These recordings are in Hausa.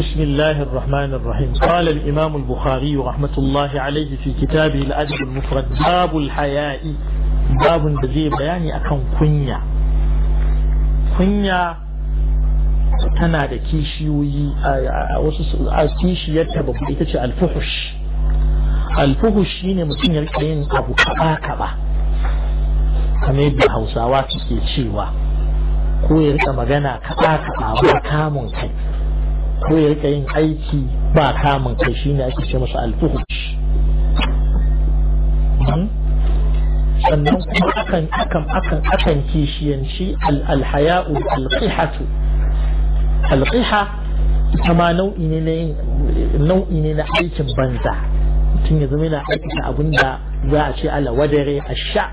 بسم الله الرحمن الرحيم قال الإمام البخاري رحمة الله عليه في كتابه الأدب المفرد باب الحياء باب بزي بياني أكون كنيا كنيا tana da kishiyoyi a wasu kishiyarta babu ita ce alfuhush alfuhush shine mutum ya rika yin abu kaba kaba kamar yadda hausawa suke cewa ko ya rika magana kaba kaba ba kamun kai ko ya rika yin aiki ba kamun kai shine ake ce masa alfuhush hmm? sannan kuma akan akan akan akan kishiyanci alhaya'u alqihatu alqiha kama nau'i ne na nau'i ne na aikin banza mutum ya zama yana aikata abin da za a ce ala wadare a sha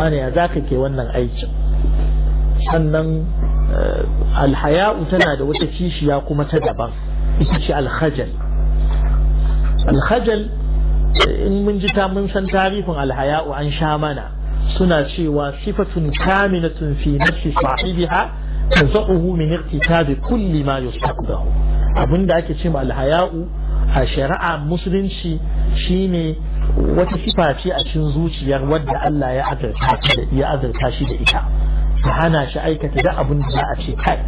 wani ya zaka ke wannan aikin sannan alhaya'u tana da wata kishiya kuma ta daban ita ce alhajal alhajal in mun ji ta mun san tarihin alhaya'u an sha mana suna cewa sifatun kaminatun fi nafsi sahibiha tazaquhu min irtikabi kulli ma yustaqbahu abinda ake cewa alhaya'u a shari'a musulunci shine wata sifa ce a cikin zuciyar wadda Allah ya azurta shi da ita ta hana shi aikata da abin da za a ce kai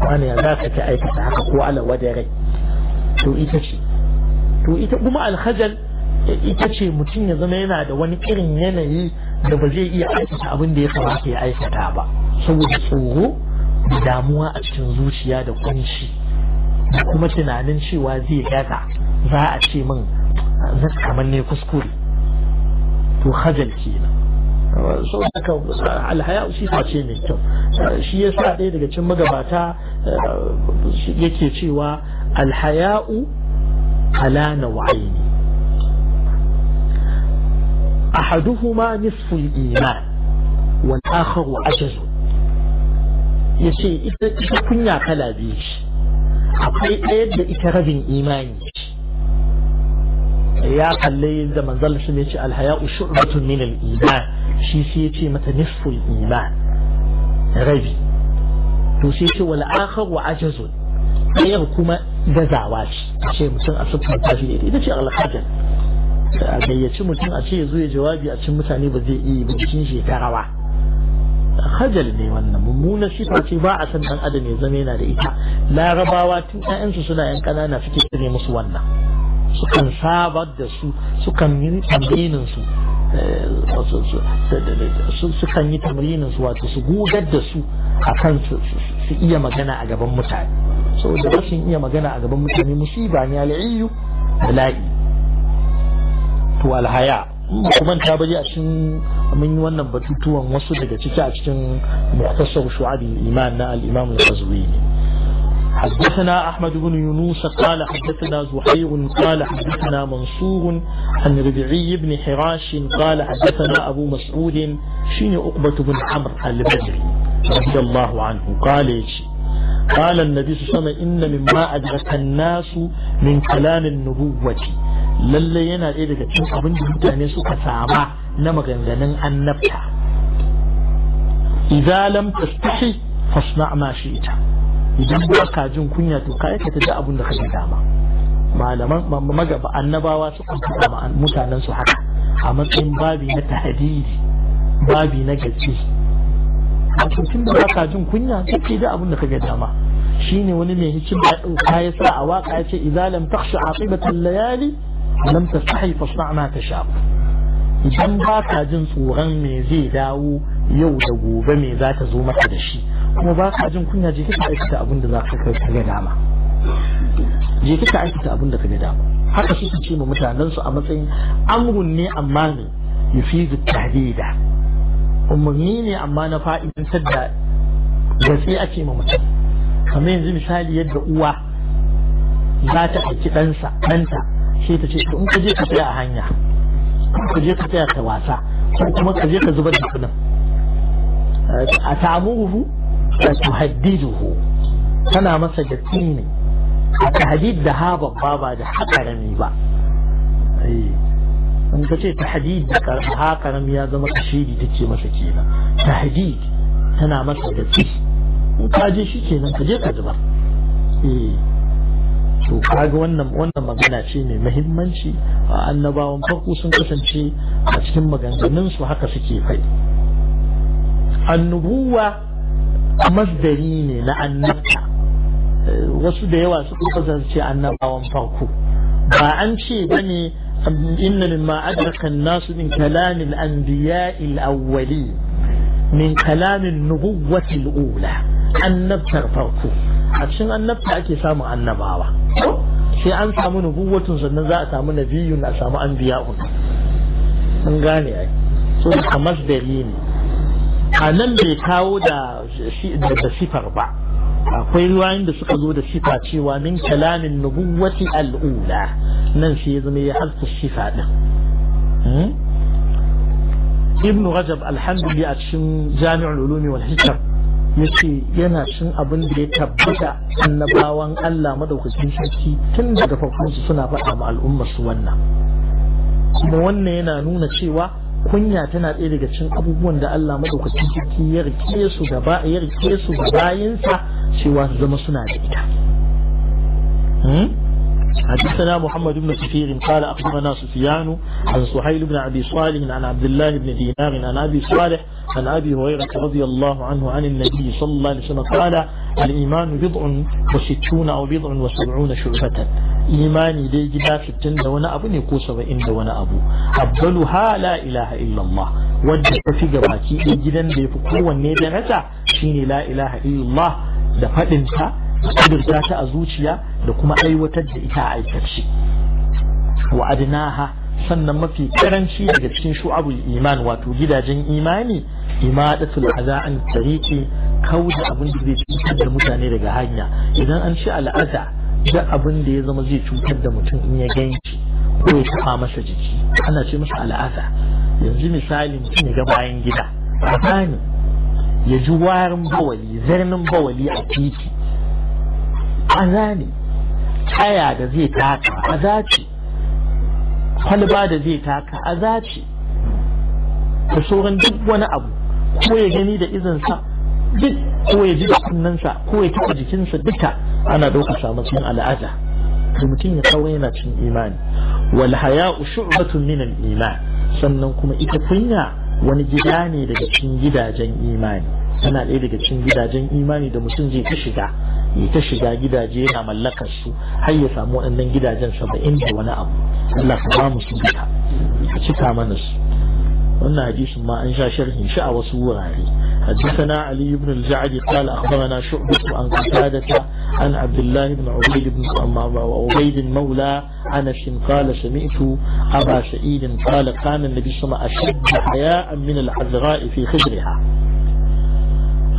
wani ya za ka ta aikata haka ko ala rai to ita ce to ita kuma ita ce mutum ya zama yana da wani irin yanayi da ba zai iya aikata abin da ya kamata ya aikata ba saboda tsoro da damuwa a cikin zuciya da kunshi da kuma tunanin cewa zai gaza za a ce min kamar ne kuskure to hajal kenan so haka alhaya shi ce mai kyau shi ya sa ɗaya daga cikin magabata yake cewa alhaya'u ala nau'aini ahaduhuma nisfu al-iman wal akharu ajazu yace ita kunya kala biyu akwai ɗaya da ita rabin imani ya kalle da manzon sun ce alhaya'u shu'batun min al-iman shi sai ce mata nisful iman rabi to shi ce wal akhar wa ajazun ya kuma gazawa ce ce mutum a sufan tashi da ita ce alhajar a gayyaci mutum a ce ya zo ya jawabi a cikin mutane ba zai iya bincin shekara ba hajal ne wannan mummunar sifa ce ba a san dan adam ya zama yana da ita larabawa tun 'ya'yansu suna yan ƙanana suke tsire musu wannan sukan sabar da su sukan yi tamrinin eh, su sukan yi tamrinin su wato su gugar da su a akan su iya magana a gaban mutane saboda rashin iya magana a gaban mutane musiba ne al'iyu bala'i to alhaya kuma ta baje a cikin mun yi wannan batutuwan wasu daga ciki a cikin muhtasar shu'abil iman na al-imam al حدثنا أحمد بن يونس قال حدثنا زهير قال حدثنا منصور عن ربيعي بن حراش قال حدثنا أبو مسعود شين أقبة بن عمرو البدري رضي الله عنه قال قال النبي صلى الله عليه وسلم إن مما أدرك الناس من كلام النبوة للينا إذا ɗaya أبن cikin abin da mutane suka sama na maganganun annabta idza lam tastahi idan ba ka jin kunya to ka aikata da abin da ka dama malaman magaba annabawa su kuma mutanen su haka a matsayin babi na tahdidi babi na gaske a cikin da baka jin kunya kake da abin da kaga dama shine wani mai hikima ya dauka ya sa a waka ya ce idza lam takhsha aqibatan layali lam tastahi fasna ta tasha idan ba ka jin tsoron me zai dawo yau da gobe me za ta zo maka da shi kuma ba ka jin kunya je kika aikata abin da za ka kai ga dama je kika aikata abin da ka ga dama haka su ce ma mutanen su a matsayin amrun ne amma ne yufizu tahdida umarni ne amma na fa'idantar da sai ake ma mutum kamar yanzu misali yadda uwa za ta aiki ɗansa ɗanta sai ta ce in ka je ka tsaya a hanya ka je ka tsaya ka wasa ko kuma ka je ka zubar da kunan a ta'amuhu ka hu tana masa da tsini a tahdid da ha babba ba da ha karami ba eh, in ka ce tahdid da ha karami ya zama kashiri ce masa kenan tahadid tana masa da tsini in ka je shi kenan ka je ka zubar eh to kaga wannan wannan magana ce mai muhimmanci a annabawan farko sun kasance a cikin maganganun su haka suke fai annubuwa masdari ne na annabta eh, wasu da yawa su kasance annabawan farko ba an ce bane inna mimma adraka nasu nas min kalam al-anbiya min kalamin an ula annabtar farko a cikin annabta ake samun annabawa sai an samu nubuwatun sannan za a samu nabiyun a samu anbiya'un an gane ai so da masdari ne a nan bai kawo da sifar ba akwai ruwayin da suka zo da sifa cewa min kalamin nubuwati al'ula nan sai ya zama ya harfi sifa din hmm? ibn rajab alhamdulillah a cikin jami'ul ulumi wal hikam yace yana cin abin da ya tabbata annabawan Allah madaukakin sarki tun daga farkon suna faɗa ma al'umma su wannan kuma wannan yana nuna cewa kunya tana ɗaya daga cin abubuwan da Allah madaukakin sarki ya rike su da bayansa ya cewa su zama suna da ita hmm? حدثنا محمد بن كثير قال أخبرنا سفيان عن سهيل بن أبي صالح عن عبد الله بن دينار عن أبي صالح عن أبي هريرة رضي الله عنه عن النبي صلى الله عليه وسلم قال الإيمان بضع وستون أو بضع وسبعون شعبة إيماني دي جدا في التن دونا أبو نكوس وإن دونا أبو أفضلها لا إله إلا الله wadda ta fi gabaki ɗaya gidan da ya fi kowanne da nata shine la ilaha illallah da faɗinta kudurta ta a zuciya da kuma aiwatar da ita a aikace wa adnaha sannan mafi karanci daga cikin shu'abul iman wato gidajen imani imadatul aza an tariqi kauda abin da zai cutar da mutane daga hanya idan an ci al'aza da abin da ya zama zai cutar da mutum in ya ganki ko ya tafa masa jiki ana ce masa al'aza yanzu misali mutum ya ga bayan gida a ya ji warin bawali zarnin bawali a titi ƙaza ne tsaya da zai taka ƙaza ce kwalba da zai taka ƙaza ce da sauran duk wani abu ko ya gani da izinsa duk ko ya ji da kunnensa ko ya taɓa jikinsa duka ana ɗauka samu cikin al'ada da mutum ya kawo yana cin imani wal haya'u shu'batun min al iman sannan kuma ita kunya wani gida ne daga cikin gidajen imani tana ɗaya daga cikin gidajen imani da mutum zai ta shiga ya ta shiga gidaje yana mallakar su har ya samu waɗannan gidajen saba'in da wani abu Allah ka ba mu su duka ka cika mana su wannan hadisin ma an sha sharhin shi a wasu wurare حدثنا علي بن الجعد قال أخبرنا شعبة عن قتادة عن عبد الله بن عبيد بن عبيد مولى أنس قال سمعت أبا سعيد قال كان النبي صلى الله عليه وسلم أشد حياء من العذراء في خدرها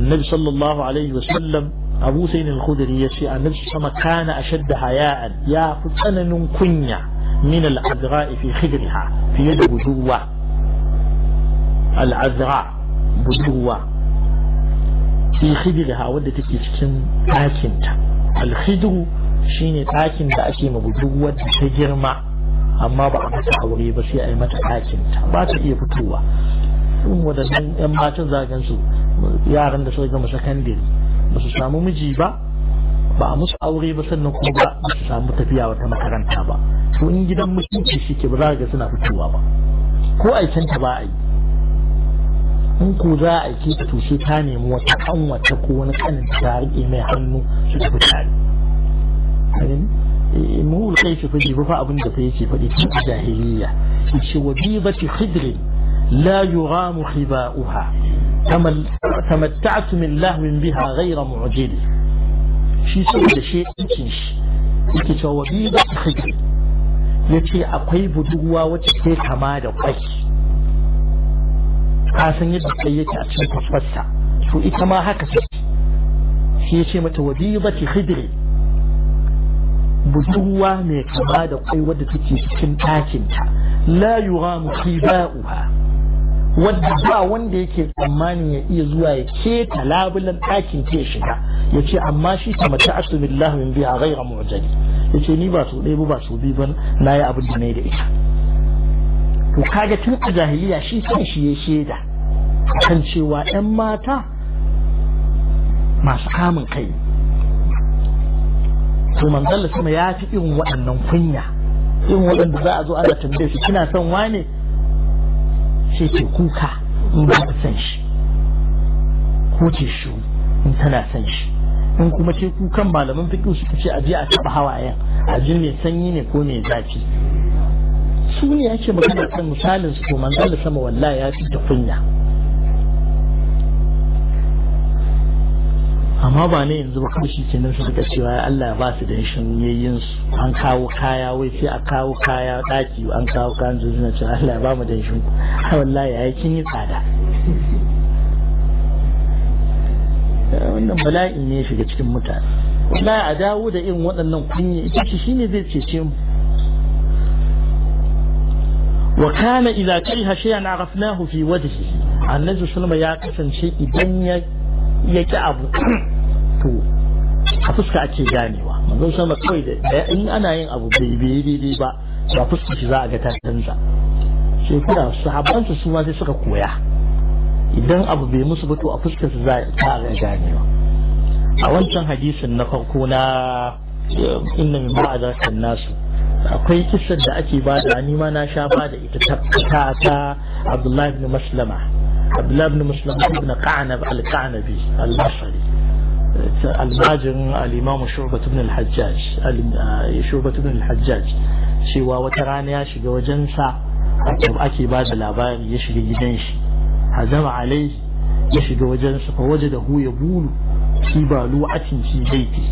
النبي صلى الله عليه وسلم أبو سين الخدري يشي النبي صلى الله عليه وسلم كان أشد حياء يا فتنن كنيا من العذراء في خدرها في يد بدوة العذراء بدوة في خدرها ودتك تكن آكنت الخدر shine ɗakin da ake ma budurwar da ta girma amma ba a mata aure ba sai a yi mata ɗakin ta ba ta iya fitowa irin waɗannan 'yan matan zagan su yaran da suka gama sakandare ba su samu miji ba ba a musu aure ba sannan kuma ba su samu tafiya wata makaranta ba to in gidan mutunci ke ba za ga suna fitowa ba ko aikanta ba a yi in ko za a aike ta to sai ta nemi wata kanwata ko wani kanin ta rike mai hannu su tafi tare eh, mu kai shi fiji ba fa abin da fa yake faɗi tun a jahiliya shi wa ba shi khidrin لا يغام كما تمتعت من لهو بها غير معجل shi saboda shi yankin shi yake cewa wa biyu da hajji ya ce akwai budurwa wacce ke kama da kwai ka san yadda kai yake a cikin kwasfarsa to ita ma haka ce shi ya ce mata wa khidri da hajji budurwa mai kama da kwai wadda take cikin ɗakinta la yura musiba'uha wadda ba wanda yake tsammanin ya iya zuwa ya keta labulan ɗakin ke shiga ya ce amma shi ta mace asu billah min biya ghaira mu'jali ya ce ni ba su ɗaya ba su biyu ba na yi abin da na da ita to kaga tun a jahiliya shi kan shi ya shaida kan cewa 'yan mata masu kamun kai to manzalla sama ya fi irin waɗannan kunya irin waɗanda za a zo ana tambaye su kina son wane sai ce kuka in ba ka san shi ko ce shi in tana san shi in kuma ce kukan malaman fiƙi suka ce aje a taɓa hawayen a jin mai sanyi ne ko mai zafi su ne yake magana kan misalin su to manzon sama wallahi ya fi ta kunya amma ba ne yanzu ba kuma shi kenan su suka cewa Allah ba su da yayin su an kawo kaya wai sai a kawo kaya daki an kawo kayan zuwa na cewa Allah ba mu da shi ai wallahi ai kin yi tsada wannan bala'i ne shiga cikin mutane wallahi a dawo da irin waɗannan kunya ita ce shine zai cece mu wa kana idza kariha shay'an arafnahu fi wajhihi annabi sallallahu alaihi wasallam ya kasance idan ya yake abu to a fuska ake ganewa manzo sama kawai da in ana yin abu bai bai daidai ba ba fuska shi za a ga ta canza sai kuma sahabban su ma sai suka koya idan abu bai musu fito a fuska su za a ga ganewa a wancan hadisin na farko na inna min ba'da nasu akwai kisar da ake bada ni ma na sha bada ita ta ta Abdullahi ibn Maslama Abdullahi ibn Maslama ibn Qanab al-Qanabi al-Basri almajin al'imamu shubatu ibn al-hajjaj shubatu ibn al-hajjaj cewa wata rana ya shiga wajen wajensa ake ba da labari ya shiga gidan shi hazama alai ya shiga wajensa fa waje da hu ya bulu shi ba lu'atin shi zaiti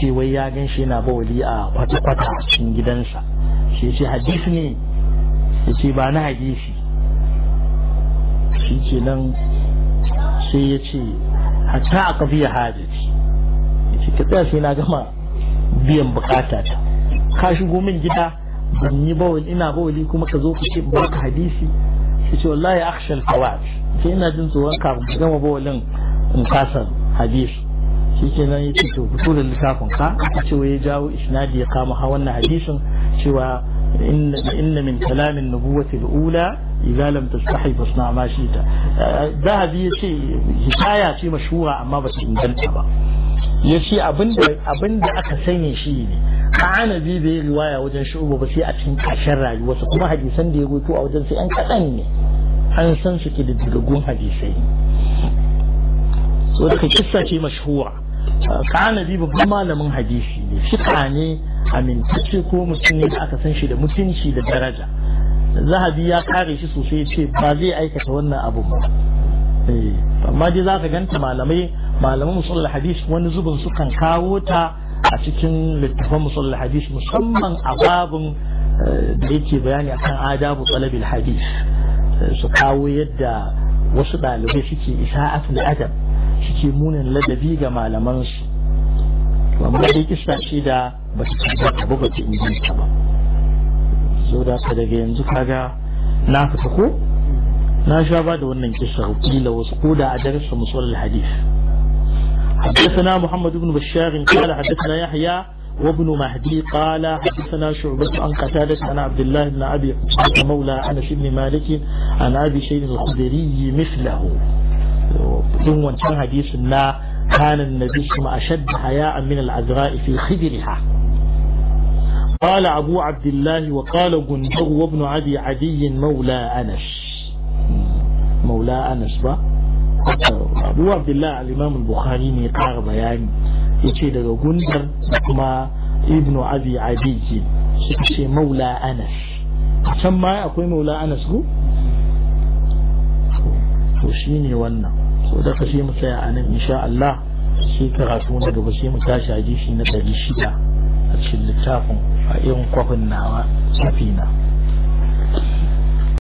ce wai ya gan shi yana wali a kwata-kwata a cikin gidansa shi ce hadisi ne ya ce ba na hadisi shi ke nan sai ya ce hatta a kafiya hajji ce ka tsaya sai na gama biyan bukata ta ka shigo min gida ban yi bawal ina bawali kuma ka zo ka ce ba ka hadisi ya ce wallahi akhsha al-fawat sai ina jin tsoron kafin ka gama bawalin in kasa hadisi shi ke nan ya ce to fito da littafin ka aka ce ya jawo isnadi ya kama ha wannan hadisin cewa inna min kalamin nubuwati al-ula idza lam tastahi fasna ma shita zahabi yace hikaya ce mashhura amma ba ta inganta ba yace abinda abinda aka sanya shi ne bi bai riwaya wajen shu'ubu ba sai a cikin rayuwa su kuma hadisan da ya rubuto a wajen sai an kaɗan ne an san su ke da dugaggun hadisai so daga kissa ce mashhura kanabi babban malamin hadisi ne ka ne amintacce ko mutum ne da aka san shi da mutunci da daraja zahabi ya kare shi sosai ce ba zai aikata wannan abu ba eh, amma dai za ka ganta malamai malaman musul hadis wani zubin sukan kawo ta a cikin littafan musul hadis musamman a babin eh, da yake bayani akan adabu talabil hadis eh, su kawo yadda wasu ɗalibai suke isa isa'atul adab suke munin ladabi ga malamansu amma dai kisa ce da ba su tabbata ba ba ta inganta ba saboda daga yanzu kaga na fita ko na sha ba da wannan kisa kila wasu ko da a darasa hadith حدثنا محمد بن بشار قال حدثنا يحيى وابن مهدي قال حدثنا شعبة عن قتادة عن عبد الله بن أبي مولى عن بن مالك عن أبي شيخ الخدري مثله ثم كان كان النبي أشد حياء من العذراء في خدرها قال أبو عبد الله وقال جندر وابن عدي عدي مولى أنس مولى أنس با أبو عبد الله الإمام البخاري ميقار بيان يتشي دغ جندر ما ابن عدي عدي يتشي مولى أنس ثم أقول مولى أنس هو وشيني وانا ودك شيء مساء أنا إن شاء الله شيء كراتون دغ شيء متاشا حديثي نتاجي شيئا a cikin littafin irin kwafin nawa safina